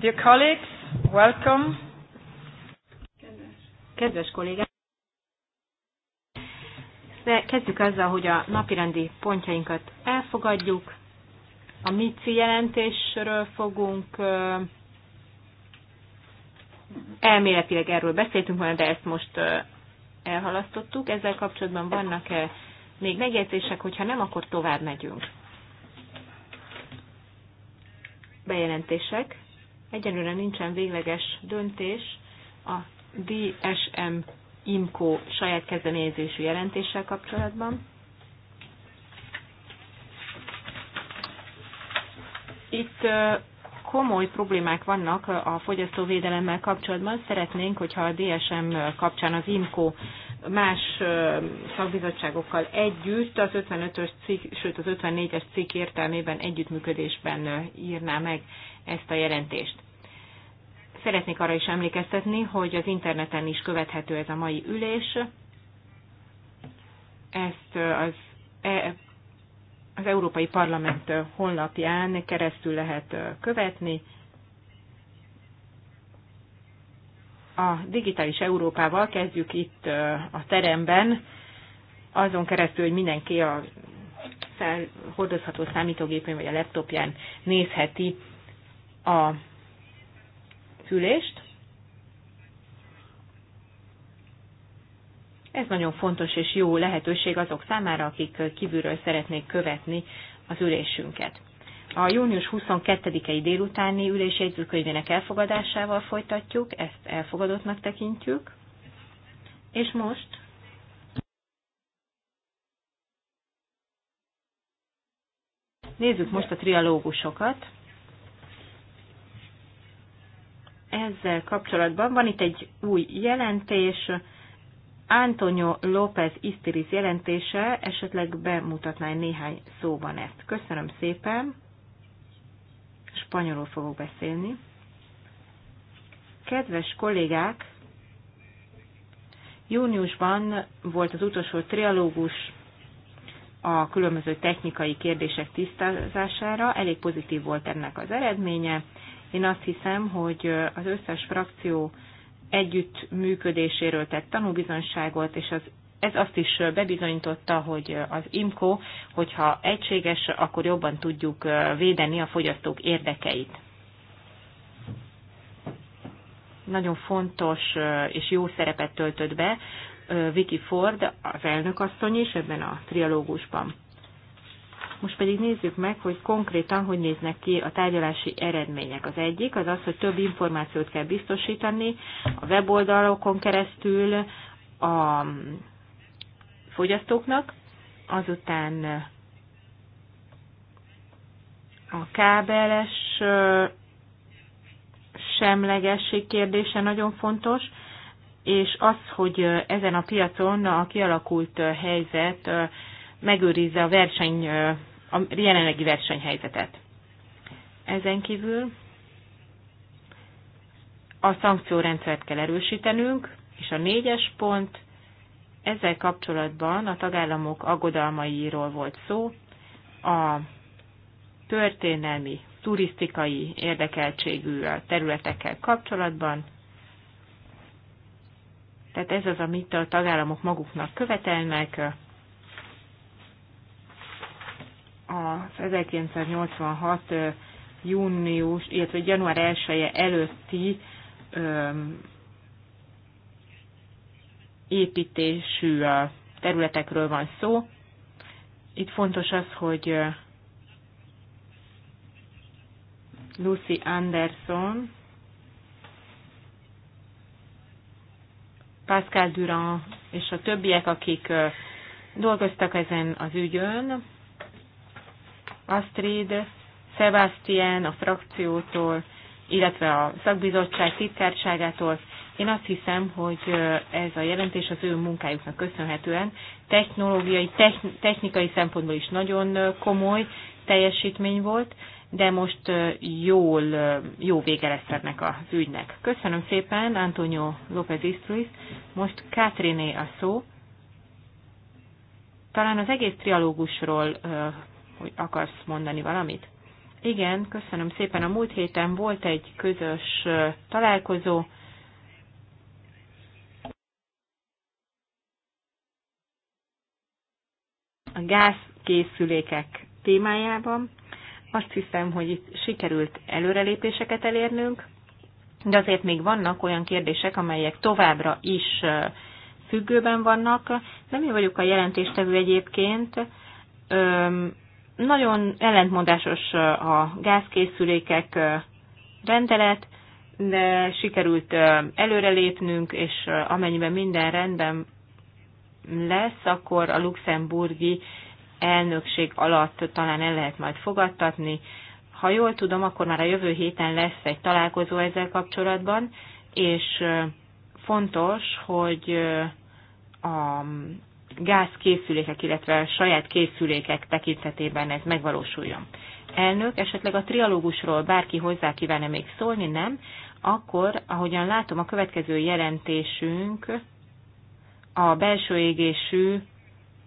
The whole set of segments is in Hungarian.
Dear colleagues, welcome. Kedves kollégák! Kezdjük azzal, hogy a napirendi pontjainkat elfogadjuk. A MICI jelentésről fogunk elméletileg erről beszéltünk volna, de ezt most elhalasztottuk. Ezzel kapcsolatban vannak-e még megjegyzések, hogyha nem, akkor tovább megyünk. Bejelentések. Egyelőre nincsen végleges döntés a DSM IMCO saját kezdeményezésű jelentéssel kapcsolatban. Itt komoly problémák vannak a fogyasztóvédelemmel kapcsolatban. Szeretnénk, hogyha a DSM kapcsán az IMCO más szakbizottságokkal együtt az 55-ös cikk, sőt az 54-es cikk értelmében együttműködésben írná meg ezt a jelentést. Szeretnék arra is emlékeztetni, hogy az interneten is követhető ez a mai ülés. Ezt az, e, az Európai Parlament honlapján keresztül lehet követni. a digitális Európával kezdjük itt a teremben, azon keresztül, hogy mindenki a fel, hordozható számítógépén vagy a laptopján nézheti a fülést. Ez nagyon fontos és jó lehetőség azok számára, akik kívülről szeretnék követni az ülésünket. A június 22-i délutáni ülésjegyzőkönyvének elfogadásával folytatjuk, ezt elfogadottnak tekintjük. És most Nézzük most a trialógusokat. Ezzel kapcsolatban van itt egy új jelentés, Antonio López Istiris jelentése, esetleg bemutatná néhány szóban ezt. Köszönöm szépen! spanyolul fogok beszélni. Kedves kollégák, júniusban volt az utolsó trialógus a különböző technikai kérdések tisztázására. Elég pozitív volt ennek az eredménye. Én azt hiszem, hogy az összes frakció együttműködéséről tett tanúbizonságot, és az ez azt is bebizonyította, hogy az IMCO, hogyha egységes, akkor jobban tudjuk védeni a fogyasztók érdekeit. Nagyon fontos és jó szerepet töltött be Vicky Ford, az elnökasszony is ebben a trialógusban. Most pedig nézzük meg, hogy konkrétan hogy néznek ki a tárgyalási eredmények. Az egyik az az, hogy több információt kell biztosítani a weboldalokon keresztül, a fogyasztóknak, azután a kábeles semlegesség kérdése nagyon fontos, és az, hogy ezen a piacon a kialakult helyzet megőrizze a verseny, a jelenlegi versenyhelyzetet. Ezen kívül a szankciórendszert kell erősítenünk, és a négyes pont ezzel kapcsolatban a tagállamok aggodalmairól volt szó, a történelmi, turisztikai érdekeltségű területekkel kapcsolatban. Tehát ez az, amit a tagállamok maguknak követelnek. Az 1986 június, illetve január 1 -e előtti építésű területekről van szó. Itt fontos az, hogy Lucy Anderson, Pascal Durand és a többiek, akik dolgoztak ezen az ügyön, Astrid, Sebastian a frakciótól, illetve a szakbizottság titkárságától. Én azt hiszem, hogy ez a jelentés az ő munkájuknak köszönhetően technológiai, technikai szempontból is nagyon komoly teljesítmény volt, de most jól, jó vége lesz ennek az ügynek. Köszönöm szépen, Antonio López Istruiz. Most Kátriné a szó. Talán az egész trialógusról hogy akarsz mondani valamit? Igen, köszönöm szépen. A múlt héten volt egy közös találkozó. A gázkészülékek témájában. Azt hiszem, hogy itt sikerült előrelépéseket elérnünk, de azért még vannak olyan kérdések, amelyek továbbra is függőben vannak. Nem én vagyok a jelentéstevő egyébként, nagyon ellentmondásos a gázkészülékek rendelet, de sikerült előrelépnünk, és amennyiben minden rendben lesz, akkor a luxemburgi elnökség alatt talán el lehet majd fogadtatni. Ha jól tudom, akkor már a jövő héten lesz egy találkozó ezzel kapcsolatban, és fontos, hogy a gázkészülékek, illetve a saját készülékek tekintetében ez megvalósuljon. Elnök, esetleg a trialógusról bárki hozzá kívánne még szólni, nem? Akkor, ahogyan látom, a következő jelentésünk a belső égésű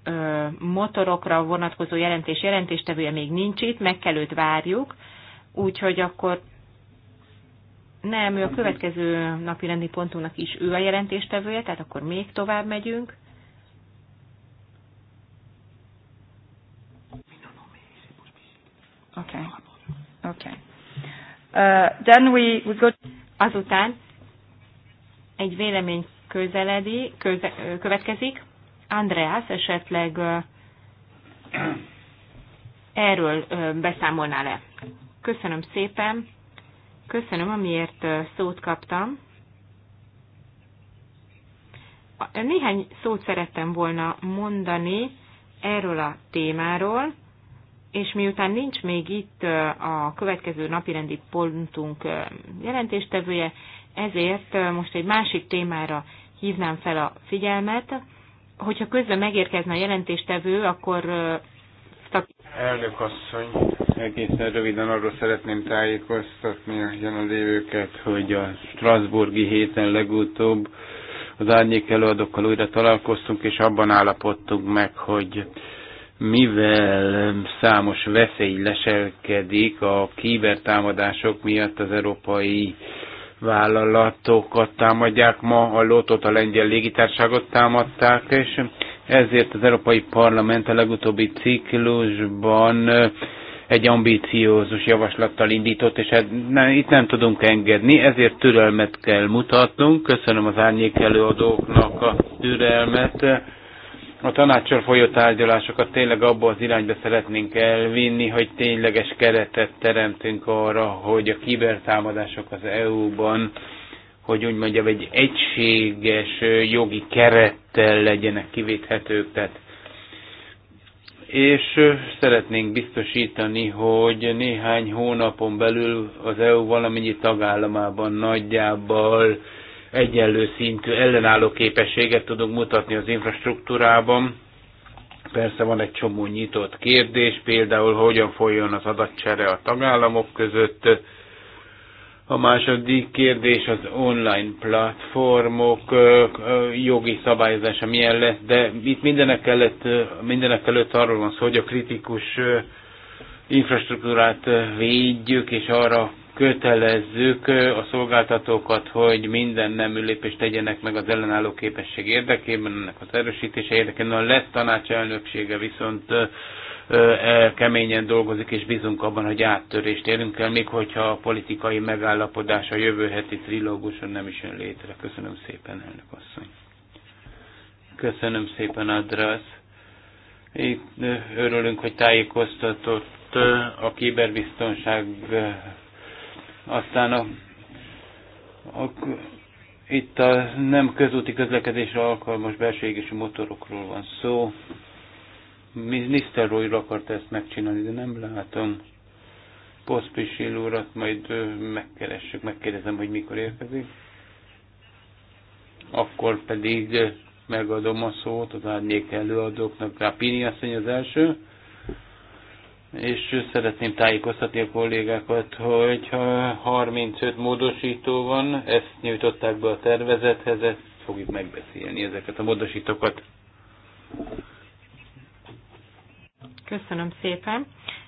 ö, motorokra vonatkozó jelentés jelentéstevője még nincs itt, meg kell őt várjuk, úgyhogy akkor nem, ő a következő napi rendi pontunknak is ő a jelentéstevője, tehát akkor még tovább megyünk. Okay. Okay. Uh, then we, we go... Azután egy vélemény közeledi, köze, következik. Andreas esetleg uh, erről uh, beszámolná le. Köszönöm szépen. Köszönöm, amiért uh, szót kaptam. Néhány szót szerettem volna mondani erről a témáról, és miután nincs még itt a következő napirendi pontunk jelentéstevője, ezért most egy másik témára hívnám fel a figyelmet. Hogyha közben megérkezne a jelentéstevő, akkor... Elnök asszony, egészen röviden arról szeretném tájékoztatni a jelenlévőket, hogy a Strasburgi héten legutóbb az árnyék előadókkal újra találkoztunk, és abban állapodtunk meg, hogy mivel számos veszély leselkedik a kibertámadások miatt az európai vállalatokat támadják ma, a Lótot, a lengyel légitárságot támadták, és ezért az Európai Parlament a legutóbbi ciklusban egy ambíciózus javaslattal indított, és hát ne, itt nem tudunk engedni, ezért türelmet kell mutatnunk. Köszönöm az árnyék előadóknak a türelmet a tanácsor folyó tárgyalásokat tényleg abba az irányba szeretnénk elvinni, hogy tényleges keretet teremtünk arra, hogy a kibertámadások az EU-ban, hogy úgy mondjam, egy egységes jogi kerettel legyenek kivéthetők. Tehát és szeretnénk biztosítani, hogy néhány hónapon belül az EU valamennyi tagállamában nagyjából egyenlő szintű ellenálló képességet tudunk mutatni az infrastruktúrában. Persze van egy csomó nyitott kérdés, például hogyan folyjon az adatcsere a tagállamok között. A második kérdés az online platformok jogi szabályozása milyen lesz, de itt mindenek előtt, mindenek előtt arról van szó, hogy a kritikus infrastruktúrát védjük, és arra kötelezzük a szolgáltatókat, hogy minden nem lépést tegyenek meg az ellenálló képesség érdekében, ennek az erősítése érdekében. A lett tanács elnöksége viszont e, keményen dolgozik, és bízunk abban, hogy áttörést érünk el, még hogyha a politikai megállapodás a jövő heti trilóguson nem is jön létre. Köszönöm szépen, elnök asszony. Köszönöm szépen, Adrasz. Itt örülünk, hogy tájékoztatott a kiberbiztonság aztán a, a, itt a nem közúti közlekedésre alkalmas belső égési motorokról van szó. Miniszter úr akarta ezt megcsinálni, de nem látom. Poszpisil urat majd megkeressük, megkérdezem, hogy mikor érkezik. Akkor pedig megadom a szót az árnyék előadóknak. Rápini asszony az első és szeretném tájékoztatni a kollégákat, hogy 35 módosító van, ezt nyújtották be a tervezethez, ezt fogjuk megbeszélni ezeket a módosítókat. Köszönöm szépen.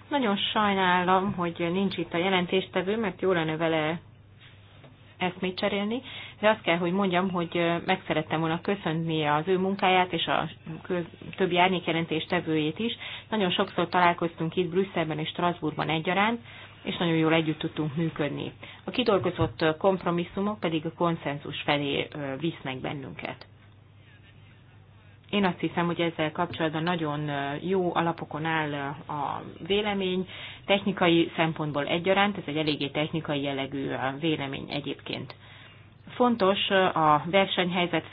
Nagyon sajnálom, hogy nincs itt a jelentéstevő, mert jó lenne vele eszmét cserélni, de azt kell, hogy mondjam, hogy meg szerettem volna köszönni az ő munkáját és a többi árnyékjelentés tevőjét is. Nagyon sokszor találkoztunk itt Brüsszelben és Strasbourgban egyaránt, és nagyon jól együtt tudtunk működni. A kidolgozott kompromisszumok pedig a konszenzus felé visznek bennünket. Én azt hiszem, hogy ezzel kapcsolatban nagyon jó alapokon áll a vélemény. Technikai szempontból egyaránt, ez egy eléggé technikai jellegű vélemény egyébként. Fontos a versenyhelyzet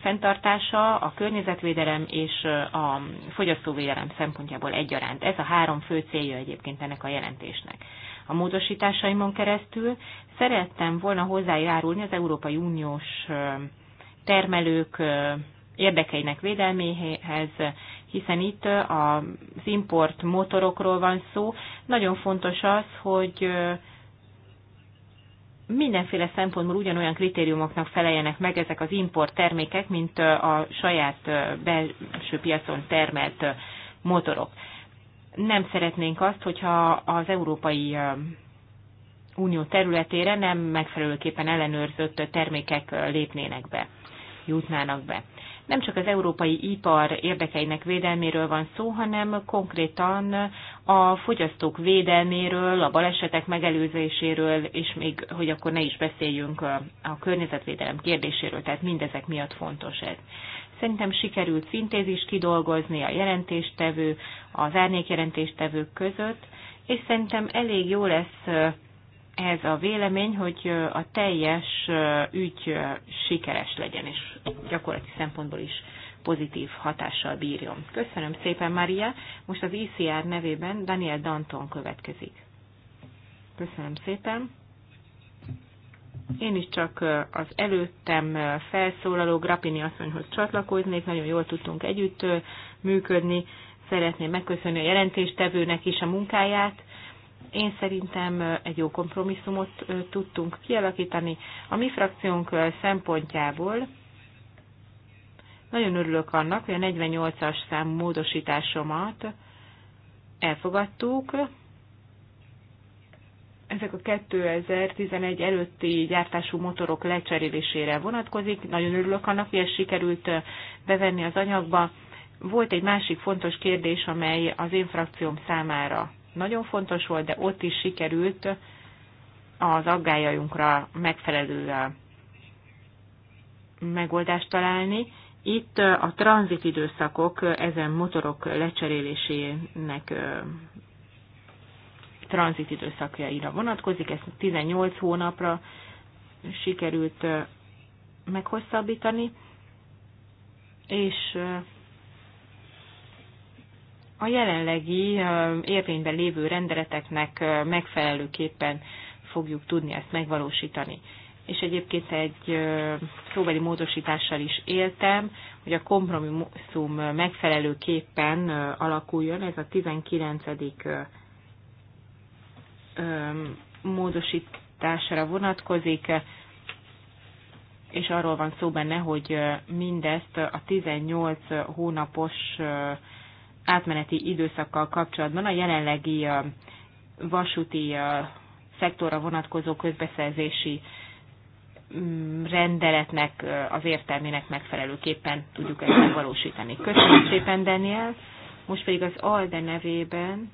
fenntartása, a környezetvédelem és a fogyasztóvédelem szempontjából egyaránt. Ez a három fő célja egyébként ennek a jelentésnek. A módosításaimon keresztül szerettem volna hozzájárulni az Európai Uniós termelők érdekeinek védelméhez, hiszen itt az import motorokról van szó. Nagyon fontos az, hogy mindenféle szempontból ugyanolyan kritériumoknak feleljenek meg ezek az import termékek, mint a saját belső piacon termelt motorok. Nem szeretnénk azt, hogyha az Európai Unió területére nem megfelelőképpen ellenőrzött termékek lépnének be, jutnának be nem csak az európai ipar érdekeinek védelméről van szó, hanem konkrétan a fogyasztók védelméről, a balesetek megelőzéséről, és még, hogy akkor ne is beszéljünk a környezetvédelem kérdéséről, tehát mindezek miatt fontos ez. Szerintem sikerült szintézis kidolgozni a jelentéstevő, az jelentéstevők között, és szerintem elég jó lesz ez a vélemény, hogy a teljes ügy sikeres legyen, és gyakorlati szempontból is pozitív hatással bírjon. Köszönöm szépen, Maria. Most az ICR e nevében Daniel Danton következik. Köszönöm szépen. Én is csak az előttem felszólaló Grapini asszonyhoz csatlakoznék, nagyon jól tudtunk együtt működni. Szeretném megköszönni a jelentéstevőnek is a munkáját, én szerintem egy jó kompromisszumot tudtunk kialakítani. A mi frakciónk szempontjából nagyon örülök annak, hogy a 48-as szám módosításomat elfogadtuk. Ezek a 2011 előtti gyártású motorok lecserélésére vonatkozik. Nagyon örülök annak, hogy ezt sikerült bevenni az anyagba. Volt egy másik fontos kérdés, amely az én frakcióm számára nagyon fontos volt, de ott is sikerült az aggájainkra megfelelő eh, megoldást találni. Itt eh, a tranzit időszakok eh, ezen motorok lecserélésének tranzit időszakjaira vonatkozik, ezt 18 hónapra sikerült meghosszabbítani, és a jelenlegi érvényben lévő rendeleteknek megfelelőképpen fogjuk tudni ezt megvalósítani. És egyébként egy szóbeli módosítással is éltem, hogy a kompromisszum megfelelőképpen alakuljon, ez a 19. módosítására vonatkozik, és arról van szó benne, hogy mindezt a 18 hónapos átmeneti időszakkal kapcsolatban a jelenlegi vasúti szektorra vonatkozó közbeszerzési mm, rendeletnek, az értelmének megfelelőképpen tudjuk ezt megvalósítani. Köszönöm szépen, Daniel. Most pedig az ALDE nevében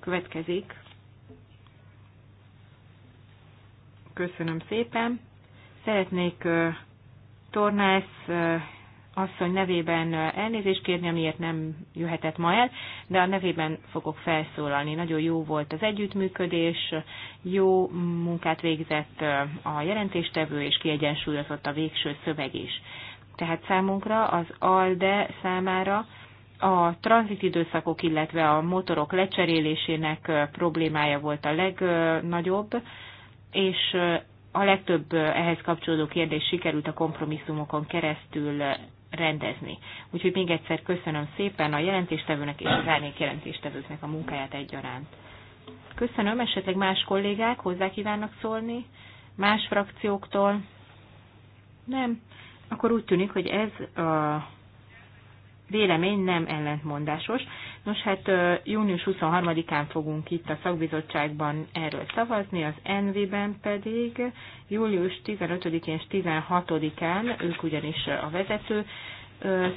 következik. Köszönöm szépen. Szeretnék Tornász asszony nevében elnézést kérni, amiért nem jöhetett ma el, de a nevében fogok felszólalni. Nagyon jó volt az együttműködés, jó munkát végzett a jelentéstevő, és kiegyensúlyozott a végső szöveg is. Tehát számunkra, az ALDE számára a időszakok, illetve a motorok lecserélésének problémája volt a legnagyobb, és a legtöbb ehhez kapcsolódó kérdés sikerült a kompromisszumokon keresztül rendezni. Úgyhogy még egyszer köszönöm szépen a jelentéstevőnek és az árnyék jelentéstevőknek a munkáját egyaránt. Köszönöm, esetleg más kollégák hozzá kívánnak szólni, más frakcióktól. Nem, akkor úgy tűnik, hogy ez a vélemény nem ellentmondásos. Nos, hát június 23-án fogunk itt a szakbizottságban erről szavazni, az NV-ben pedig július 15-én és 16-án, ők ugyanis a vezető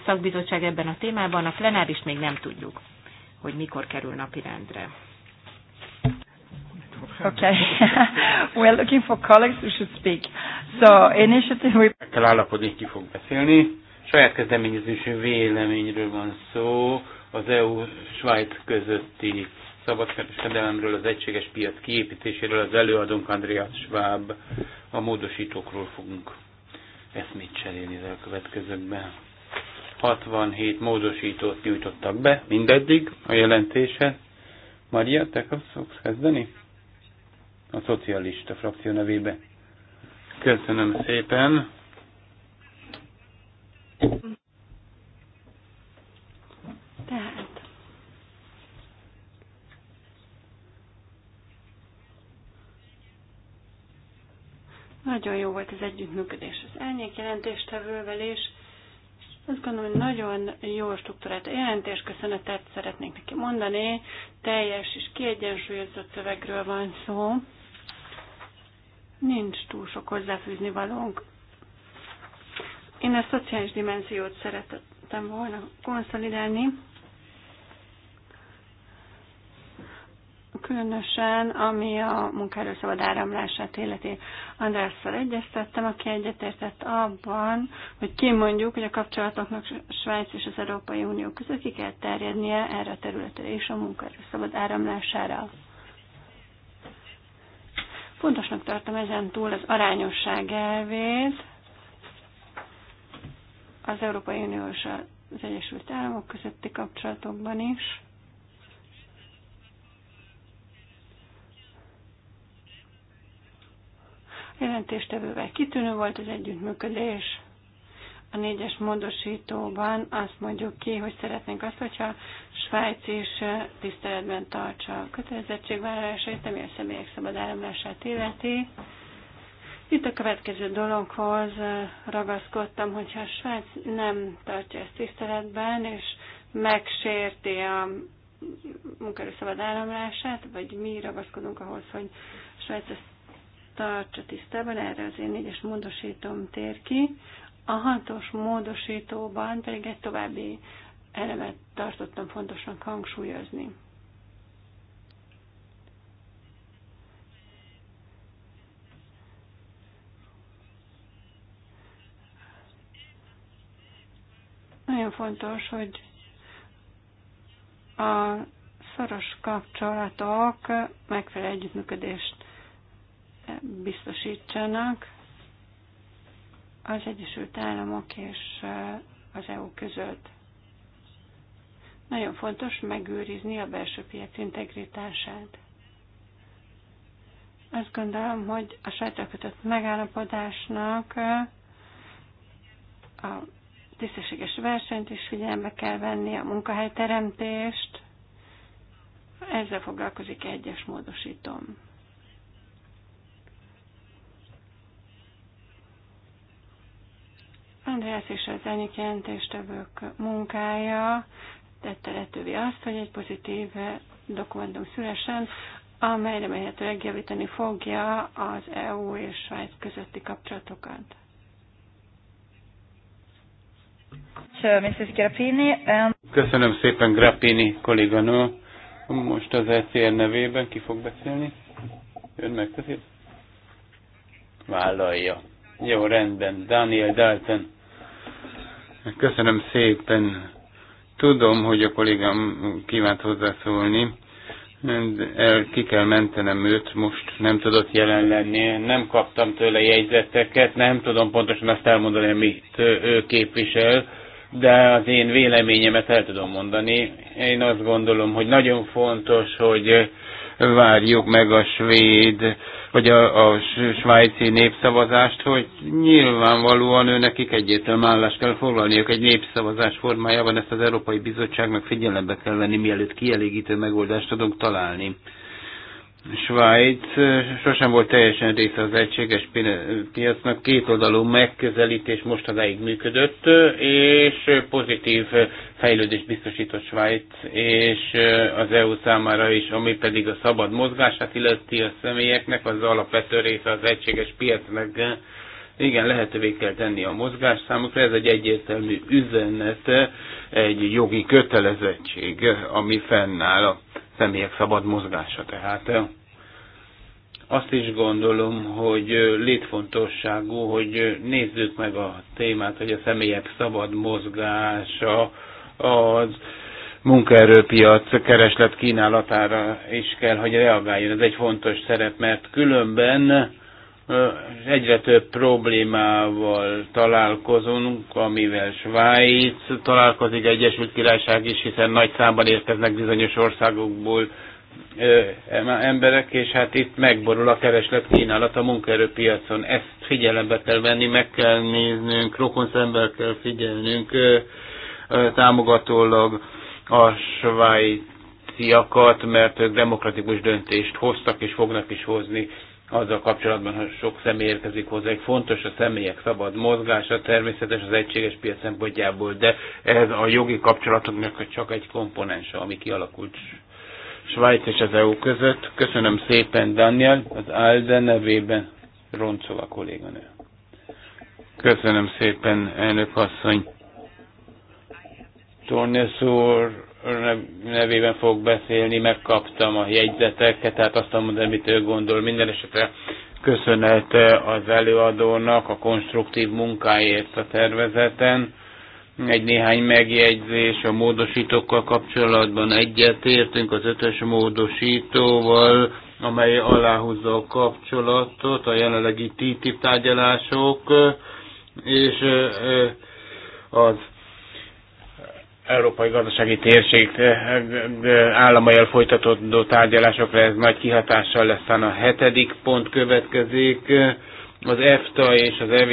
szakbizottság ebben a témában, a plenáris még nem tudjuk, hogy mikor kerül napirendre. Okay. We're looking for colleagues who should speak. So initiative... Kell állapodni, ki fog beszélni saját kezdeményezésű véleményről van szó, az EU-Svájc közötti szabadkereskedelemről, az egységes piac kiépítéséről, az előadónk Andreas Schwab, a módosítókról fogunk eszmét cserélni az elkövetkezőkben. 67 módosítót nyújtottak be, mindeddig a jelentése. Maria, te kapsz kezdeni? A szocialista frakció nevébe. Köszönöm szépen. Tehát. Nagyon jó volt az együttműködés az elnyék jelentéstevővel is. Azt gondolom, hogy nagyon jó struktúrát a jelentés, köszönetet szeretnék neki mondani. Teljes és kiegyensúlyozott szövegről van szó. Nincs túl sok hozzáfűzni valónk. Én a szociális dimenziót szerettem volna konszolidálni, különösen ami a munkáról szabad áramlását illeti. Andrásszal egyeztettem, aki egyetértett abban, hogy kimondjuk, hogy a kapcsolatoknak Svájc és az Európai Unió között ki kell terjednie erre a területre és a munkáról szabad áramlására. Fontosnak tartom ezen túl az arányosság elvét, az Európai Unió és az Egyesült Államok közötti kapcsolatokban is. A jelentéstevővel kitűnő volt az együttműködés. A négyes módosítóban azt mondjuk ki, hogy szeretnénk azt, hogyha Svájc is tiszteletben tartsa a kötelezettségvállalásait, ami a személyek szabad áramlását illeti. Itt a következő dologhoz ragaszkodtam, hogyha a Svájc nem tartja ezt tiszteletben, és megsérti a munkaerő szabad áramlását, vagy mi ragaszkodunk ahhoz, hogy a Svájc ezt tartsa tisztában, erre az én négyes módosítom tér ki. A hatos módosítóban pedig egy további elemet tartottam fontosnak hangsúlyozni. Nagyon fontos, hogy a szoros kapcsolatok megfelelő együttműködést biztosítsanak az Egyesült Államok és az EU között. Nagyon fontos megőrizni a belső piac integritását. Azt gondolom, hogy a sajtra megállapodásnak a tisztességes versenyt is figyelembe kell venni, a munkahelyteremtést. Ezzel foglalkozik egyes módosítom. Andreas és az elnök jelentéstevők munkája tette lehetővé azt, hogy egy pozitív dokumentum szülesen, amely remélhetőleg javítani fogja az EU és Svájc közötti kapcsolatokat. Uh, Köszönöm szépen, Grappini kolléganő. Most az ECR nevében ki fog beszélni? Ön megteszi? Vállalja. Jó, rendben. Daniel Dalton. Köszönöm szépen. Tudom, hogy a kollégám kívánt hozzászólni. El, ki kell mentenem őt, most nem tudott jelen lenni, nem kaptam tőle jegyzeteket, nem tudom pontosan azt elmondani, amit ő képvisel de az én véleményemet el tudom mondani. Én azt gondolom, hogy nagyon fontos, hogy várjuk meg a svéd, vagy a, a svájci népszavazást, hogy nyilvánvalóan őnekik egyértelmű állást kell foglalniuk egy népszavazás formájában, ezt az Európai Bizottságnak figyelembe kell venni, mielőtt kielégítő megoldást tudunk találni. Svájc sosem volt teljesen része az egységes piacnak, kétoldalú megközelítés mostanáig működött, és pozitív fejlődést biztosított Svájc, és az EU számára is, ami pedig a szabad mozgását illeti a személyeknek, az alapvető része az egységes piacnak. Igen, lehetővé kell tenni a mozgás számukra, ez egy egyértelmű üzenet, egy jogi kötelezettség, ami fennáll a személyek szabad mozgása. Tehát azt is gondolom, hogy létfontosságú, hogy nézzük meg a témát, hogy a személyek szabad mozgása az munkaerőpiac kereslet kínálatára is kell, hogy reagáljon. Ez egy fontos szerep, mert különben egyre több problémával találkozunk, amivel Svájc találkozik, Egyesült Királyság is, hiszen nagy számban érkeznek bizonyos országokból emberek, és hát itt megborul a kereslet kínálat a munkaerőpiacon. Ezt figyelembe kell venni, meg kell néznünk, rokon szemben kell figyelnünk támogatólag a svájciakat, mert ők demokratikus döntést hoztak és fognak is hozni azzal kapcsolatban, hogy sok személy érkezik egy Fontos a személyek szabad mozgása, természetes az egységes piac szempontjából, de ez a jogi kapcsolatoknak csak egy komponense, ami kialakult Svájc és az EU között. Köszönöm szépen, Daniel, az ALDE nevében Roncova kolléganő. Köszönöm szépen, elnök asszony. Tornes nevében fog beszélni, megkaptam a jegyzeteket, tehát azt mondom, amit ő gondol. Minden esetre köszönet az előadónak a konstruktív munkáért a tervezeten. Egy néhány megjegyzés a módosítókkal kapcsolatban egyetértünk az ötös módosítóval, amely aláhúzza a kapcsolatot, a jelenlegi TTIP tárgyalások, és az európai gazdasági térség államai folytatódó tárgyalásokra ez nagy kihatással lesz. a hetedik pont következik. Az EFTA és az EV,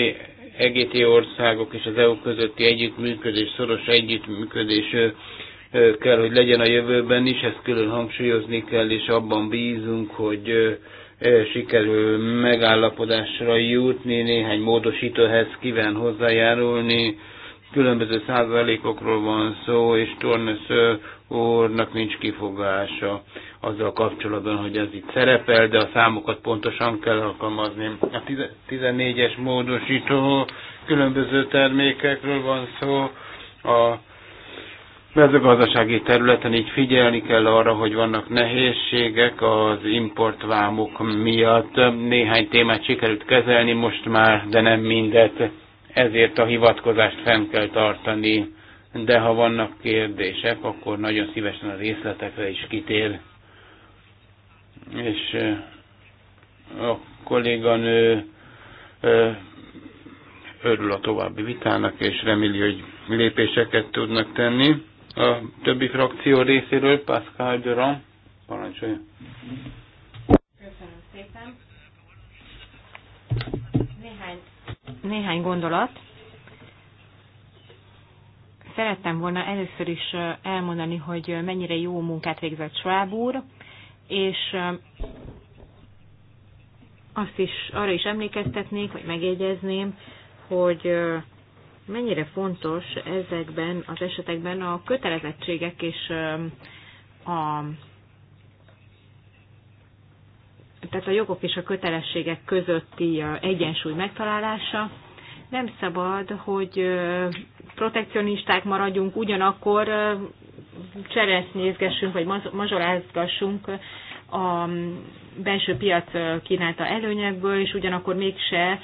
EGT országok és az EU közötti együttműködés, szoros együttműködés kell, hogy legyen a jövőben is, ezt külön hangsúlyozni kell, és abban bízunk, hogy sikerül megállapodásra jutni, néhány módosítóhez kíván hozzájárulni, különböző százalékokról van szó, és Tornes úrnak nincs kifogása azzal kapcsolatban, hogy ez itt szerepel, de a számokat pontosan kell alkalmazni. A 14-es módosító különböző termékekről van szó, a mezőgazdasági területen így figyelni kell arra, hogy vannak nehézségek az importvámok miatt. Néhány témát sikerült kezelni most már, de nem mindet ezért a hivatkozást fenn kell tartani, de ha vannak kérdések, akkor nagyon szívesen a részletekre is kitér. És a kolléganő örül a további vitának, és reméli, hogy lépéseket tudnak tenni. A többi frakció részéről Pascal Durand parancsolja. néhány gondolat. Szerettem volna először is elmondani, hogy mennyire jó munkát végzett Schwab úr, és azt is arra is emlékeztetnék, vagy megjegyezném, hogy mennyire fontos ezekben az esetekben a kötelezettségek és a tehát a jogok és a kötelességek közötti egyensúly megtalálása. Nem szabad, hogy protekcionisták maradjunk, ugyanakkor cseresznézgessünk, vagy mazsolázgassunk a belső piac kínálta előnyekből, és ugyanakkor mégse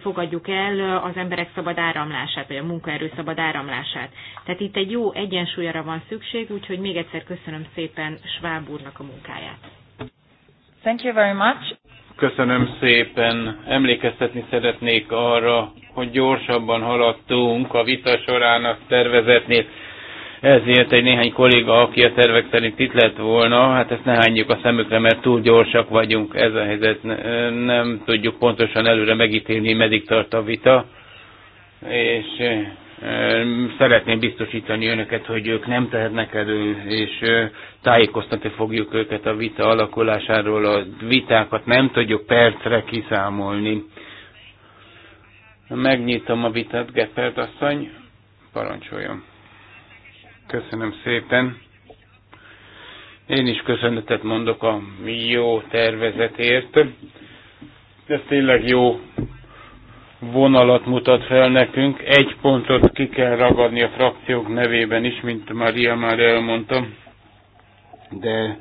fogadjuk el az emberek szabad áramlását, vagy a munkaerő szabad áramlását. Tehát itt egy jó egyensúlyra van szükség, úgyhogy még egyszer köszönöm szépen Schwab úrnak a munkáját. Thank you very much. Köszönöm szépen. Emlékeztetni szeretnék arra, hogy gyorsabban haladtunk a vita során a tervezetnél. Ezért egy néhány kolléga, aki a tervek szerint itt lett volna, hát ezt ne hányjuk a szemükre, mert túl gyorsak vagyunk. Ez a helyzet nem tudjuk pontosan előre megítélni, meddig tart a vita. És Szeretném biztosítani önöket, hogy ők nem tehetnek elő, és tájékoztatni fogjuk őket a vita alakulásáról. A vitákat nem tudjuk percre kiszámolni. Megnyitom a vitát, Geppert asszony. Parancsoljon. Köszönöm szépen. Én is köszönetet mondok a jó tervezetért. Ez tényleg jó vonalat mutat fel nekünk. Egy pontot ki kell ragadni a frakciók nevében is, mint Maria már elmondta, de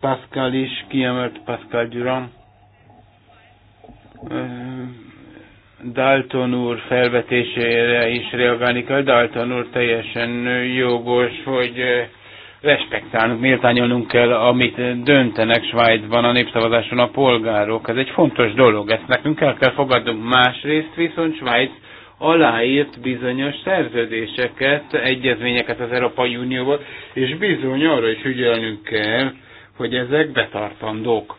Pascal is kiemelt, Pascal Durand. Dalton úr felvetésére is reagálni kell. Dalton úr teljesen jogos, hogy respektálnunk, méltányolnunk kell, amit döntenek Svájcban a népszavazáson a polgárok. Ez egy fontos dolog, ezt nekünk el kell fogadnunk. Másrészt viszont Svájc aláírt bizonyos szerződéseket, egyezményeket az Európai Unióval, és bizony arra is ügyelnünk kell, hogy ezek betartandók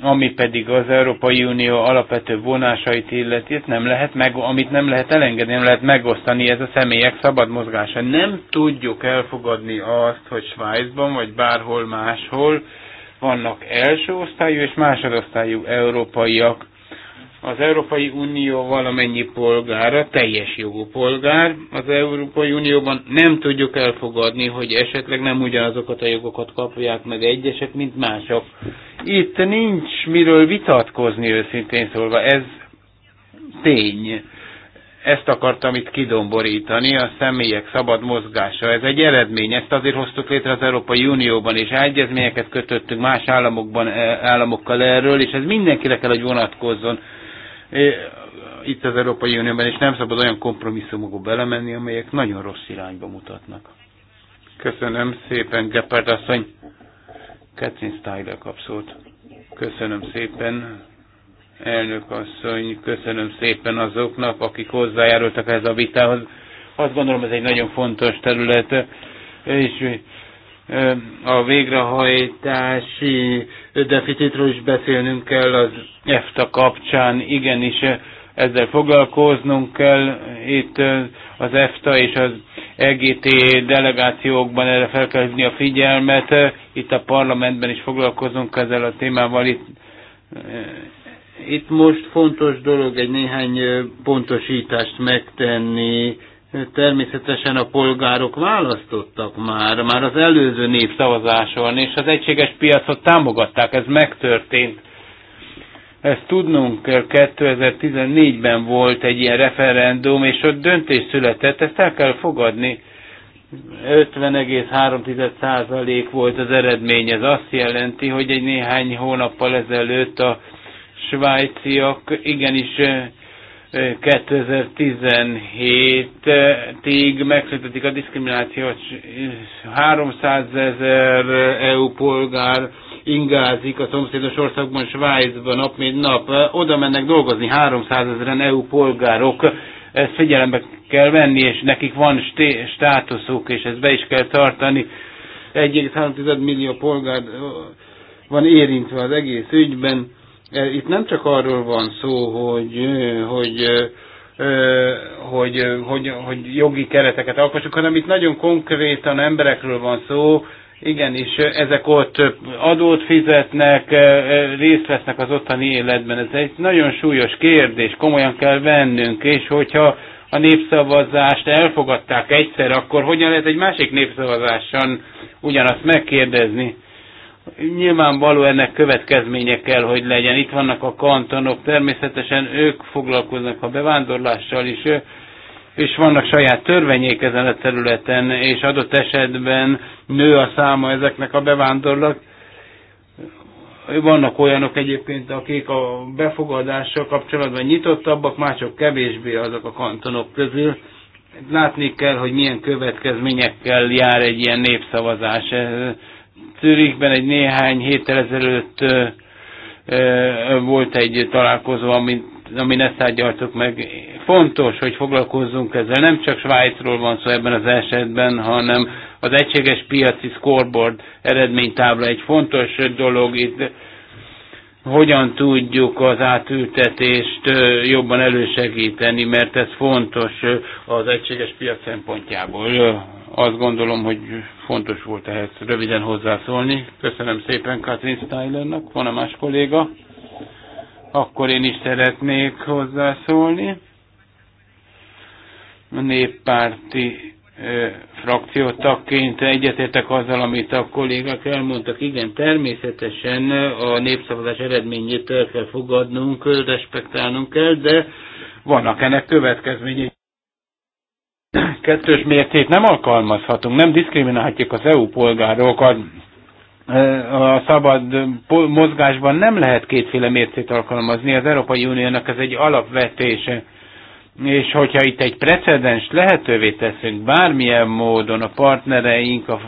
ami pedig az Európai Unió alapvető vonásait illeti, nem lehet meg, amit nem lehet elengedni, nem lehet megosztani, ez a személyek szabad mozgása. Nem tudjuk elfogadni azt, hogy Svájcban vagy bárhol máshol vannak első osztályú és másodosztályú európaiak, az Európai Unió valamennyi polgára, teljes jogú polgár, az Európai Unióban nem tudjuk elfogadni, hogy esetleg nem ugyanazokat a jogokat kapják meg egyesek, mint mások. Itt nincs miről vitatkozni őszintén szólva, ez tény. Ezt akartam itt kidomborítani, a személyek szabad mozgása. Ez egy eredmény, ezt azért hoztuk létre az Európai Unióban, és egyezményeket kötöttünk más államokban, eh, államokkal erről, és ez mindenkire kell, hogy vonatkozzon itt az Európai Unióban, és nem szabad olyan kompromisszumokba belemenni, amelyek nagyon rossz irányba mutatnak. Köszönöm szépen, Gepard asszony. Catherine Styler kapszót. Köszönöm szépen, elnök asszony, köszönöm szépen azoknak, akik hozzájárultak ez a vitához. Azt gondolom, ez egy nagyon fontos terület, és a végrehajtási deficitről is beszélnünk kell az EFTA kapcsán, igenis eh, ezzel foglalkoznunk kell. Itt eh, az EFTA és az EGT delegációkban erre fel kell hívni a figyelmet. Eh, itt a parlamentben is foglalkozunk ezzel a témával. Itt, itt most fontos dolog egy néhány pontosítást megtenni Természetesen a polgárok választottak már, már az előző népszavazáson, és az egységes piacot támogatták, ez megtörtént. Ezt tudnunk kell, 2014-ben volt egy ilyen referendum, és ott döntés született, ezt el kell fogadni. 50,3% volt az eredmény, ez azt jelenti, hogy egy néhány hónappal ezelőtt a svájciak igenis eh, 2017-ig megszüntetik a diszkriminációt. 300 ezer EU polgár ingázik a szomszédos országban, Svájcban nap mint nap. Oda mennek dolgozni 300 ezeren EU polgárok. Ezt figyelembe kell venni, és nekik van státuszuk, és ezt be is kell tartani. 1,3 millió polgár van érintve az egész ügyben E, itt nem csak arról van szó, hogy, hogy hogy, hogy, hogy jogi kereteket alkossuk, hanem itt nagyon konkrétan emberekről van szó, Igen és ezek ott adót fizetnek, részt vesznek az ottani életben. Ez egy nagyon súlyos kérdés, komolyan kell vennünk, és hogyha a népszavazást elfogadták egyszer, akkor hogyan lehet egy másik népszavazáson ugyanazt megkérdezni? Nyilvánvaló ennek következménye kell, hogy legyen. Itt vannak a kantonok, természetesen ők foglalkoznak a bevándorlással is, és vannak saját törvényék ezen a területen, és adott esetben nő a száma ezeknek a bevándorlók. Vannak olyanok egyébként, akik a befogadással kapcsolatban nyitottabbak, mások kevésbé azok a kantonok közül. Látni kell, hogy milyen következményekkel jár egy ilyen népszavazás. Zürichben egy néhány héttel ezelőtt volt egy találkozó, amit, ami ne tárgyaltuk meg. Fontos, hogy foglalkozzunk ezzel. Nem csak Svájcról van szó ebben az esetben, hanem az egységes piaci scoreboard eredménytábla egy fontos dolog. Itt hogyan tudjuk az átültetést jobban elősegíteni, mert ez fontos az egységes piac szempontjából. Azt gondolom, hogy fontos volt ehhez röviden hozzászólni. Köszönöm szépen Katrin Stylernak, van a más kolléga. Akkor én is szeretnék hozzászólni. A néppárti frakciótakként egyetértek azzal, amit a kollégák elmondtak. Igen, természetesen a népszavazás eredményét el kell fogadnunk, respektálnunk kell, de vannak ennek következményei kettős mércét nem alkalmazhatunk, nem diszkriminálhatjuk az EU polgárokat. E, a szabad mozgásban nem lehet kétféle mércét alkalmazni, az Európai Uniónak ez egy alapvetése. És hogyha itt egy precedens lehetővé teszünk bármilyen módon a partnereink, a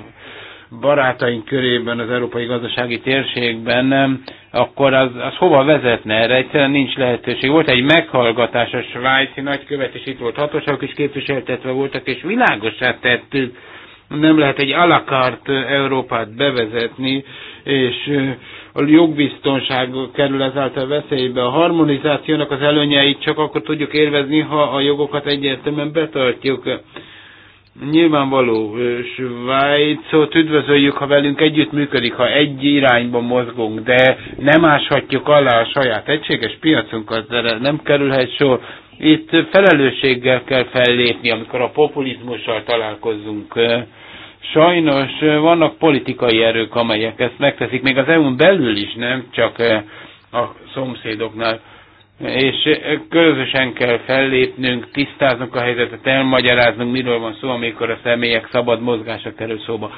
barátaink körében, az európai gazdasági térségben, akkor az, az hova vezetne erre? Egyszerűen nincs lehetőség. Volt egy meghallgatás a svájci nagykövet, és itt volt hatóságok is képviseltetve voltak, és világosát tettük, nem lehet egy alakart Európát bevezetni, és a jogbiztonság kerül ezáltal veszélybe. A harmonizációnak az előnyeit csak akkor tudjuk élvezni, ha a jogokat egyértelműen betartjuk. Nyilvánvaló, Svájcot üdvözöljük, ha velünk együtt működik, ha egy irányba mozgunk, de nem áshatjuk alá a saját egységes piacunkat, de nem kerülhet sor. Itt felelősséggel kell fellépni, amikor a populizmussal találkozunk. Sajnos vannak politikai erők, amelyek ezt megteszik, még az EU-n belül is, nem csak a szomszédoknál és közösen kell fellépnünk, tisztáznunk a helyzetet, elmagyaráznunk, miről van szó, amikor a személyek szabad mozgása kerül szóba.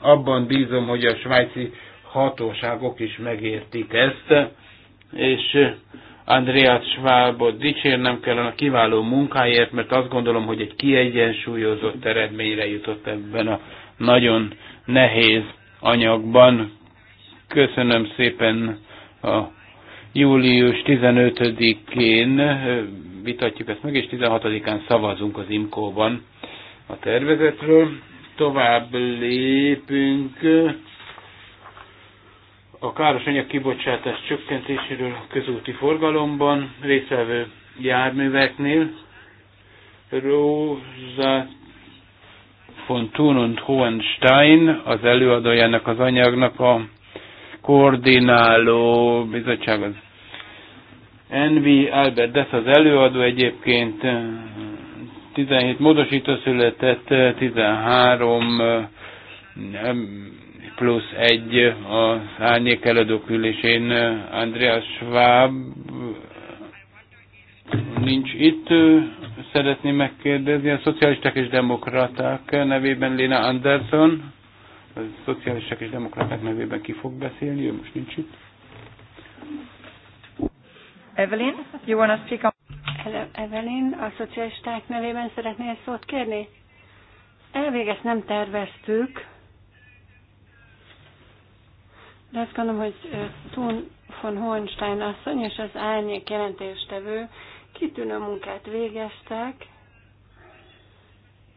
Abban bízom, hogy a svájci hatóságok is megértik ezt, és Andreas Schwabot dicsérnem kellene a kiváló munkáért, mert azt gondolom, hogy egy kiegyensúlyozott eredményre jutott ebben a nagyon nehéz anyagban. Köszönöm szépen a Július 15-én vitatjuk ezt meg, és 16-án szavazunk az imco ban a tervezetről. Tovább lépünk a káros anyag kibocsátás csökkentéséről a közúti forgalomban, részvevő járműveknél. Róza von Thun und Hohenstein, az előadójának az anyagnak a koordináló bizottság az Envi Albert Dess az előadó egyébként 17 módosító született, 13 plusz 1 az árnyék előadók ülésén Andreas Schwab nincs itt. szeretné megkérdezni a szocialisták és demokraták nevében Léna Anderson. A szocialisták és demokraták nevében ki fog beszélni, ő most nincs itt. Evelyn, you want to speak up? Hello, Evelyn, a szocialisták nevében szeretnél szót kérni? Elvégezt nem terveztük, de azt gondolom, hogy Thun von Hohenstein asszony és az árnyék jelentéstevő kitűnő munkát végeztek,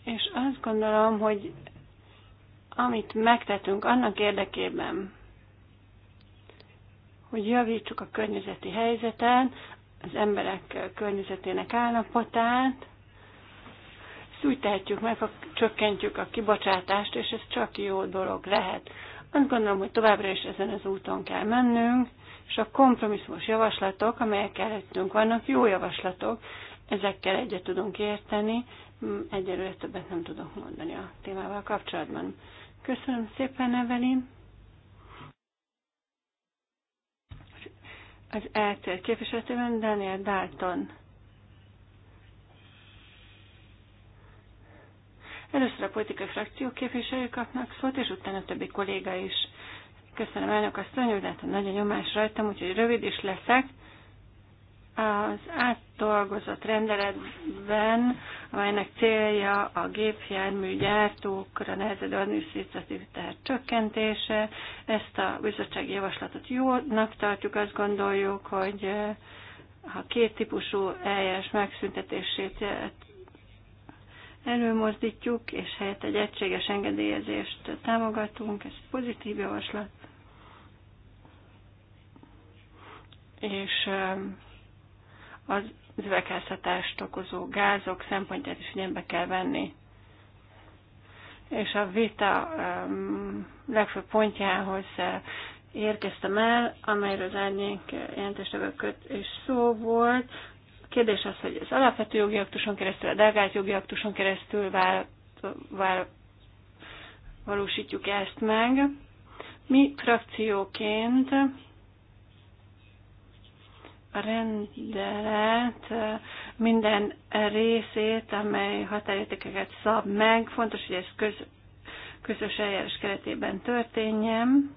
és azt gondolom, hogy amit megtetünk annak érdekében, hogy javítsuk a környezeti helyzeten, az emberek környezetének állapotát, ezt úgy tehetjük meg, ha csökkentjük a kibocsátást, és ez csak jó dolog lehet. Azt gondolom, hogy továbbra is ezen az úton kell mennünk, és a kompromisszumos javaslatok, amelyek előttünk vannak, jó javaslatok, ezekkel egyet tudunk érteni, egyelőre többet nem tudok mondani a témával kapcsolatban. Köszönöm szépen, Evelyn! az ECR képviseletében Daniel Dalton. Először a politikai frakció képviselő kapnak szót, és utána a többi kolléga is. Köszönöm elnök a hogy de hát nagyon nyomás rajtam, úgyhogy rövid is leszek. Az átdolgozott rendeletben amelynek célja a gépjármű gyártókra nehezedő adminisztratív teher csökkentése. Ezt a bizottsági javaslatot jónak tartjuk, azt gondoljuk, hogy eh, ha két típusú eljárás megszüntetését eh, előmozdítjuk, és helyett egy egységes engedélyezést támogatunk, ez pozitív javaslat. És eh, az üvegházhatást okozó gázok szempontját is igénybe kell venni. És a vita um, legfőbb pontjához eh, érkeztem el, amelyről az árnyék eh, jelentéstevőköt is szó volt. A kérdés az, hogy az alapvető jogi aktuson keresztül, a delgált jogi aktuson keresztül vál, vál, valósítjuk ezt meg. Mi frakcióként rendelet minden részét, amely határértékeket szab meg. Fontos, hogy ez köz, közös eljárás keretében történjen,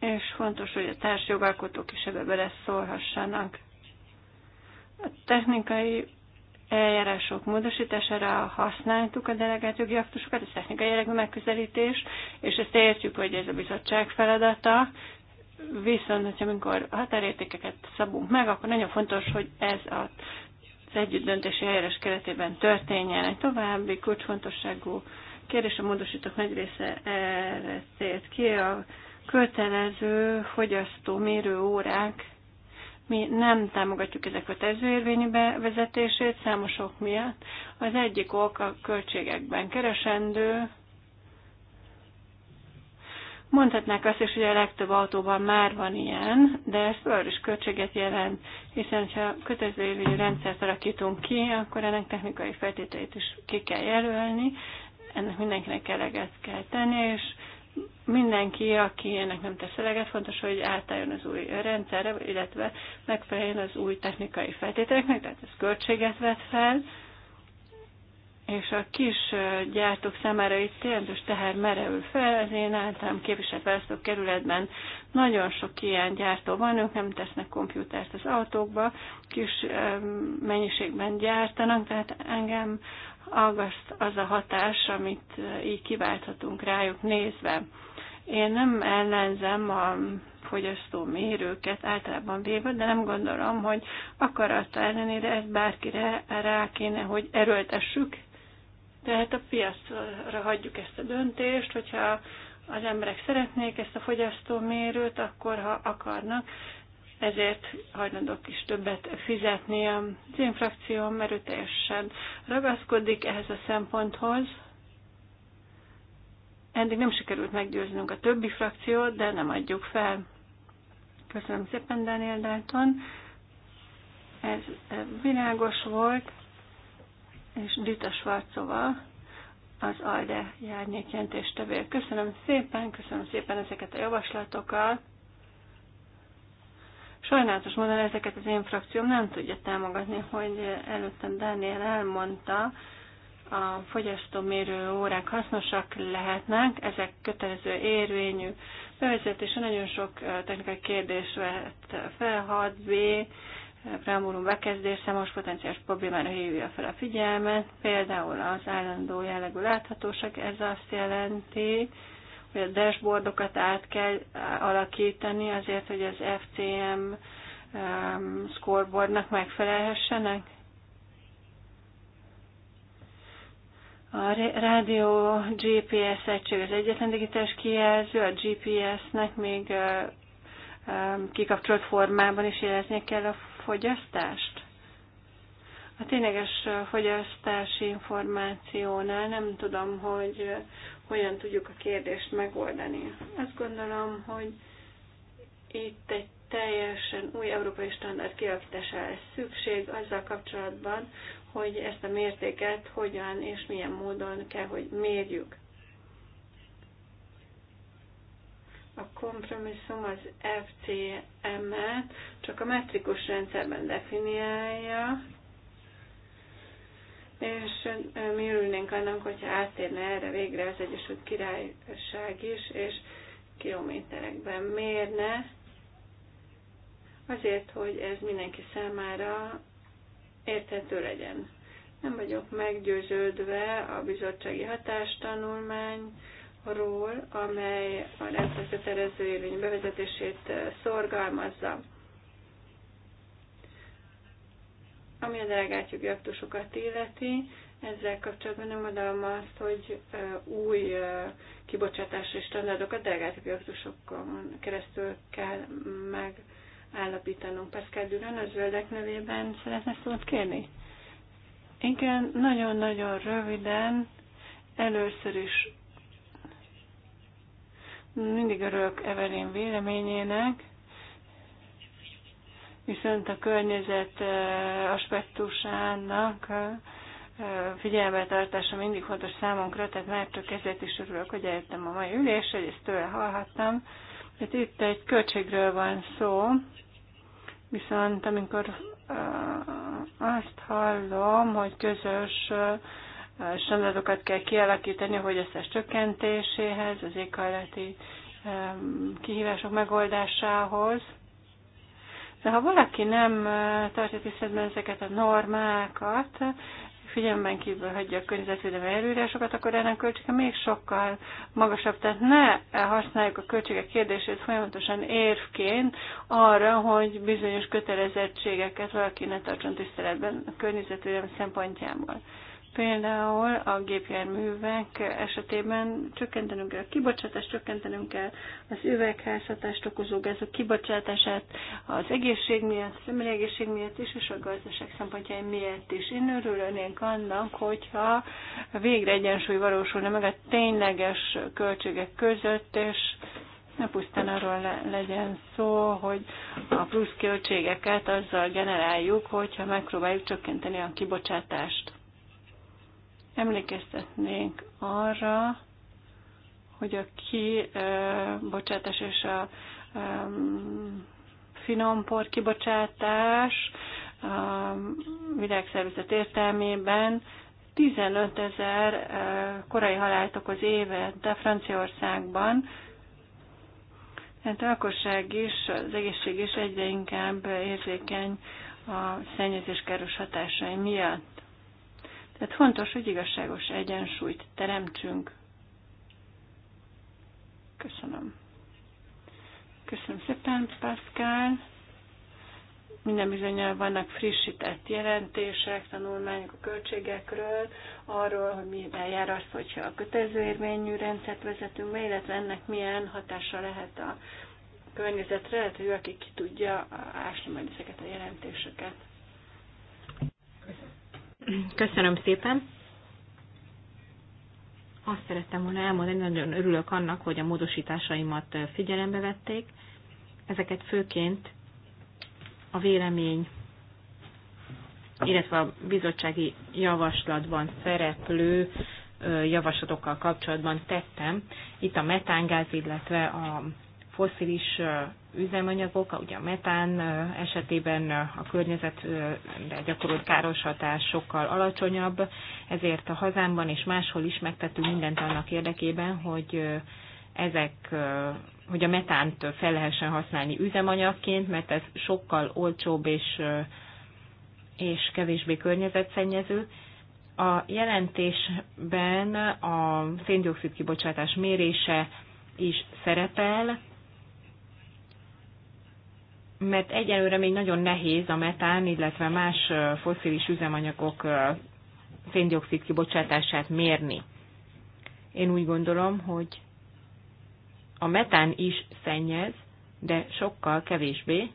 és fontos, hogy a társjogalkotók is ebbe beleszólhassanak. A technikai eljárások módosítására használtuk a delegált jogi aktusokat, a technikai jellegű megközelítés, és ezt értjük, hogy ez a bizottság feladata, Viszont, hogyha amikor határértékeket szabunk meg, akkor nagyon fontos, hogy ez a, az együttdöntési eljárás keretében történjen. Egy további kulcsfontosságú kérdés, a módosítók nagy része erre tért ki, a kötelező fogyasztó órák, mi nem támogatjuk ezek a érvényű bevezetését számosok miatt. Az egyik ok a költségekben keresendő, Mondhatnák azt is, hogy a legtöbb autóban már van ilyen, de ez föl is költséget jelent, hiszen ha kötelező érvényű rendszert alakítunk ki, akkor ennek technikai feltételeit is ki kell jelölni, ennek mindenkinek eleget kell tenni, és mindenki, aki ennek nem tesz eleget, fontos, hogy átálljon az új rendszerre, illetve megfeleljen az új technikai feltételeknek, tehát ez költséget vet fel, és a kis gyártók számára itt jelentős teher merevül fel, az én általam képviselt kerületben nagyon sok ilyen gyártó van, ők nem tesznek kompjútert az autókba, kis mennyiségben gyártanak, tehát engem aggaszt az a hatás, amit így kiválthatunk rájuk nézve. Én nem ellenzem a fogyasztó mérőket általában véve, de nem gondolom, hogy akarata ellenére ezt bárkire rá kéne, hogy erőltessük, tehát a piacra hagyjuk ezt a döntést, hogyha az emberek szeretnék ezt a fogyasztómérőt, akkor ha akarnak, ezért hajlandók is többet fizetni. Az én frakcióm erőteljesen ragaszkodik ehhez a szemponthoz. Eddig nem sikerült meggyőznünk a többi frakciót, de nem adjuk fel. Köszönöm szépen, Daniel Dalton. Ez világos volt és Dita Svarcova, az ALDE járnék jelentéstevője. Köszönöm szépen, köszönöm szépen ezeket a javaslatokat. Sajnálatos módon ezeket az én frakcióm nem tudja támogatni, hogy előttem Daniel elmondta, a fogyasztómérő órák hasznosak lehetnek, ezek kötelező érvényű bevezetése nagyon sok eh, technikai kérdés vett fel, 6B, preambulum bekezdése most potenciális problémára hívja fel a figyelmet, például az állandó jellegű láthatóság, ez azt jelenti, hogy a dashboardokat át kell alakítani azért, hogy az FCM um, scoreboardnak megfelelhessenek. A rádió GPS egység az egyetlen digitális kijelző, a GPS-nek még um, kikapcsolt formában is jeleznie kell a fogyasztást? A tényleges fogyasztási információnál nem tudom, hogy hogyan tudjuk a kérdést megoldani. Azt gondolom, hogy itt egy teljesen új európai standard kialakítására lesz szükség azzal kapcsolatban, hogy ezt a mértéket hogyan és milyen módon kell, hogy mérjük. a kompromisszum az FCM-et csak a metrikus rendszerben definiálja, és mi örülnénk annak, hogyha áttérne erre végre az Egyesült Királyság is, és kilométerekben mérne, azért, hogy ez mindenki számára érthető legyen. Nem vagyok meggyőződve a bizottsági hatástanulmány ról, amely a rendszer kötelező érvény bevezetését szorgalmazza. Ami a delegáció jogi aktusokat illeti, ezzel kapcsolatban nem mondom azt, hogy új kibocsátási standardokat delegáció jogi aktusokon keresztül kell megállapítanunk. Pascal Durán a zöldek nevében szeretne szót kérni? Igen, nagyon-nagyon röviden először is mindig örülök Evelyn véleményének, viszont a környezet aspektusának figyelme tartása mindig fontos számunkra, tehát már csak ezért is örülök, hogy eljöttem a mai ülésre, hogy ezt tőle hallhattam. Hát itt egy költségről van szó, viszont amikor azt hallom, hogy közös standardokat kell kialakítani, hogy ezt a csökkentéséhez, az éghajlati kihívások megoldásához. De ha valaki nem tartja tiszteletben ezeket a normákat, figyelmen kívül hagyja a környezetvédelmi előírásokat, akkor ennek költsége még sokkal magasabb. Tehát ne használjuk a költségek kérdését folyamatosan érvként arra, hogy bizonyos kötelezettségeket valaki ne tartson tiszteletben a környezetvédelmi szempontjából. Például a gépjárművek esetében csökkentenünk kell a kibocsátást, csökkentenünk kell az üvegházhatást okozó gázok kibocsátását az egészség miatt, az egészség miatt is, és a gazdaság szempontjai miatt is. Én örülnék annak, hogyha végre egyensúly valósulna meg a tényleges költségek között, és ne pusztán arról le, legyen szó, hogy a plusz költségeket azzal generáljuk, hogyha megpróbáljuk csökkenteni a kibocsátást emlékeztetnénk arra, hogy a kibocsátás és a finompor kibocsátás a világszervezet értelmében 15 ezer korai halált okoz évente Franciaországban, tehát a lakosság is, az egészség is egyre inkább érzékeny a szennyezés káros hatásai miatt. Tehát fontos, hogy igazságos egyensúlyt teremtsünk. Köszönöm. Köszönöm szépen, Pascal. Minden bizonyal vannak frissített jelentések, tanulmányok a költségekről, arról, hogy mivel jár az, hogyha a kötelező érvényű rendszert vezetünk be, illetve ennek milyen hatása lehet a környezetre, lehet, hogy aki ki tudja ásni majd ezeket a jelentéseket. Köszönöm szépen. Azt szerettem volna elmondani, nagyon örülök annak, hogy a módosításaimat figyelembe vették. Ezeket főként a vélemény, illetve a bizottsági javaslatban szereplő javaslatokkal kapcsolatban tettem. Itt a metángáz, illetve a foszilis üzemanyagok, ugye a metán esetében a környezetre gyakorolt káros hatás sokkal alacsonyabb, ezért a hazámban és máshol is megtettünk mindent annak érdekében, hogy ezek, hogy a metánt fel lehessen használni üzemanyagként, mert ez sokkal olcsóbb és, és kevésbé környezetszennyező. A jelentésben a széndiokszid kibocsátás mérése is szerepel, mert egyelőre még nagyon nehéz a metán, illetve más foszilis üzemanyagok széndiokszid kibocsátását mérni. Én úgy gondolom, hogy a metán is szennyez, de sokkal kevésbé.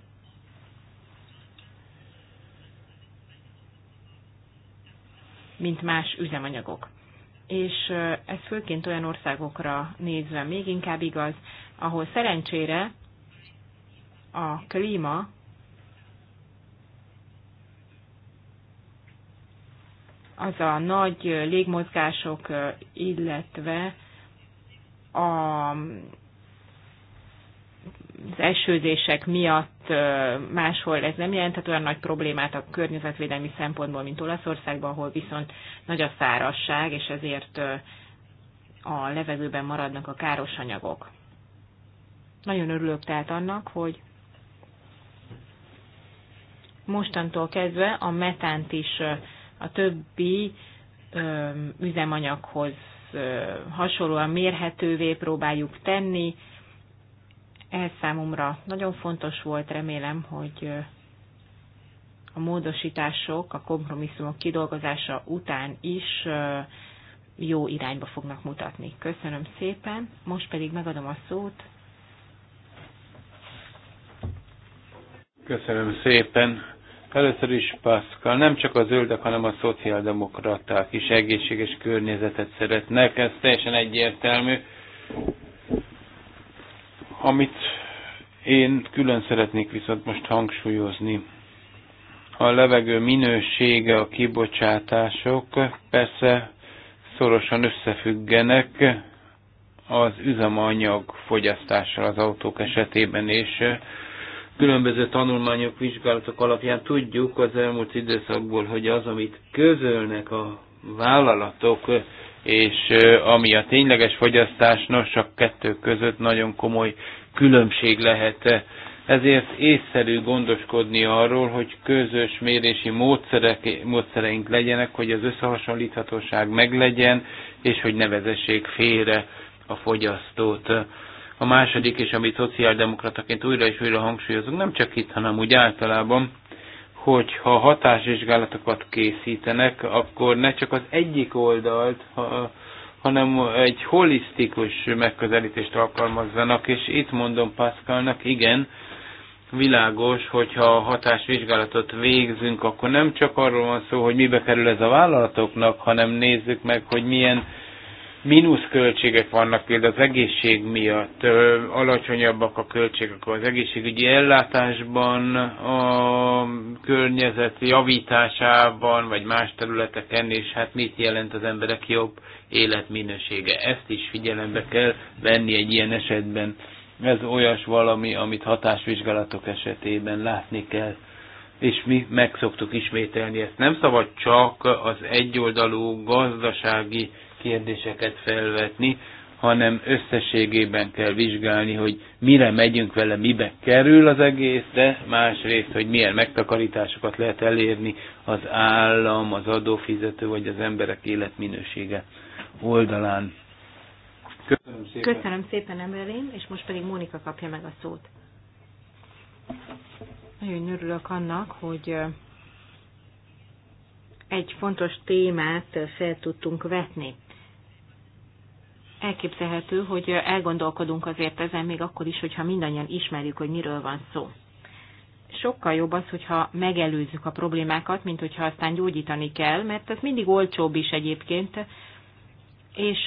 mint más üzemanyagok. És ez főként olyan országokra nézve még inkább igaz, ahol szerencsére a klíma az a nagy légmozgások, illetve a, az esőzések miatt máshol ez nem jelenthet olyan nagy problémát a környezetvédelmi szempontból, mint Olaszországban, ahol viszont nagy a szárasság, és ezért a levegőben maradnak a káros anyagok. Nagyon örülök tehát annak, hogy mostantól kezdve a metánt is a többi üzemanyaghoz hasonlóan mérhetővé próbáljuk tenni. Ez számomra nagyon fontos volt, remélem, hogy a módosítások, a kompromisszumok kidolgozása után is jó irányba fognak mutatni. Köszönöm szépen, most pedig megadom a szót. Köszönöm szépen. Először is Pascal, nem csak a zöldek, hanem a szociáldemokraták is egészséges környezetet szeretnek, ez teljesen egyértelmű. Amit én külön szeretnék viszont most hangsúlyozni, a levegő minősége, a kibocsátások persze szorosan összefüggenek az üzemanyag fogyasztással az autók esetében, és különböző tanulmányok, vizsgálatok alapján tudjuk az elmúlt időszakból, hogy az, amit közölnek a vállalatok, és ami a tényleges fogyasztás, nos, csak kettő között nagyon komoly különbség lehet. Ezért észszerű gondoskodni arról, hogy közös mérési módszerek, módszereink legyenek, hogy az összehasonlíthatóság meglegyen, és hogy ne vezessék félre a fogyasztót. A második, és amit szociáldemokrataként újra és újra hangsúlyozunk, nem csak itt, hanem úgy általában, hogy ha hatásvizsgálatokat készítenek, akkor ne csak az egyik oldalt, ha, hanem egy holisztikus megközelítést alkalmazzanak, és itt mondom Pascalnak, igen, világos, hogyha a hatásvizsgálatot végzünk, akkor nem csak arról van szó, hogy mibe kerül ez a vállalatoknak, hanem nézzük meg, hogy milyen mínuszköltségek vannak például az egészség miatt, alacsonyabbak a költségek az egészségügyi ellátásban, a környezet javításában, vagy más területeken, és hát mit jelent az emberek jobb életminősége. Ezt is figyelembe kell venni egy ilyen esetben. Ez olyas valami, amit hatásvizsgálatok esetében látni kell és mi meg szoktuk ismételni ezt. Nem szabad csak az egyoldalú gazdasági kérdéseket felvetni, hanem összességében kell vizsgálni, hogy mire megyünk vele, mibe kerül az egész, de másrészt, hogy milyen megtakarításokat lehet elérni az állam, az adófizető vagy az emberek életminősége oldalán. Köszönöm szépen. Köszönöm szépen, Emelén, és most pedig Mónika kapja meg a szót. Nagyon örülök annak, hogy egy fontos témát fel tudtunk vetni elképzelhető, hogy elgondolkodunk azért ezen még akkor is, hogyha mindannyian ismerjük, hogy miről van szó. Sokkal jobb az, hogyha megelőzzük a problémákat, mint hogyha aztán gyógyítani kell, mert ez mindig olcsóbb is egyébként, és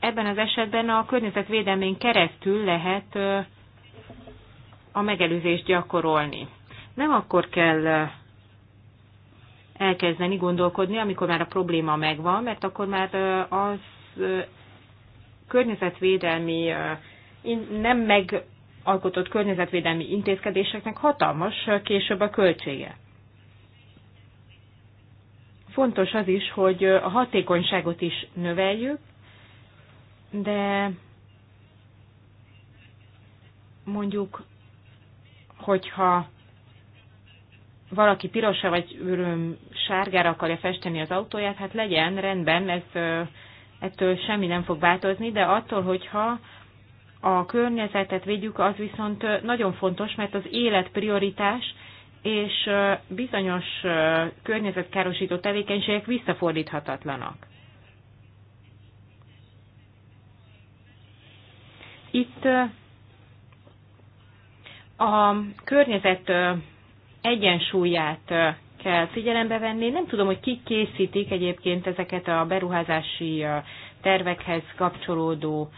ebben az esetben a környezetvédelmén keresztül lehet a megelőzést gyakorolni. Nem akkor kell elkezdeni gondolkodni, amikor már a probléma megvan, mert akkor már az környezetvédelmi, nem megalkotott környezetvédelmi intézkedéseknek hatalmas később a költsége. Fontos az is, hogy a hatékonyságot is növeljük, de mondjuk, hogyha valaki pirosra vagy sárgára akarja festeni az autóját, hát legyen rendben, ez ettől semmi nem fog változni, de attól, hogyha a környezetet védjük, az viszont nagyon fontos, mert az élet prioritás, és bizonyos környezetkárosító tevékenységek visszafordíthatatlanak. Itt a környezet egyensúlyát kell figyelembe venni. Nem tudom, hogy kik készítik egyébként ezeket a beruházási tervekhez kapcsolódó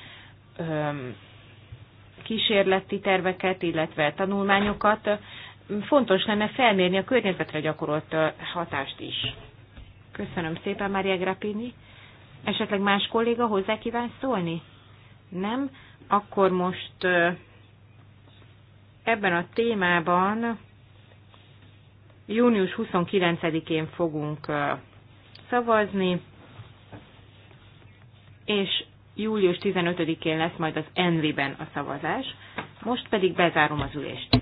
kísérleti terveket, illetve tanulmányokat. Fontos lenne felmérni a környezetre gyakorolt hatást is. Köszönöm szépen, Mária Grappini. Esetleg más kolléga hozzá kíván szólni? Nem? Akkor most ebben a témában Június 29-én fogunk szavazni, és július 15-én lesz majd az Envi-ben a szavazás. Most pedig bezárom az ülést.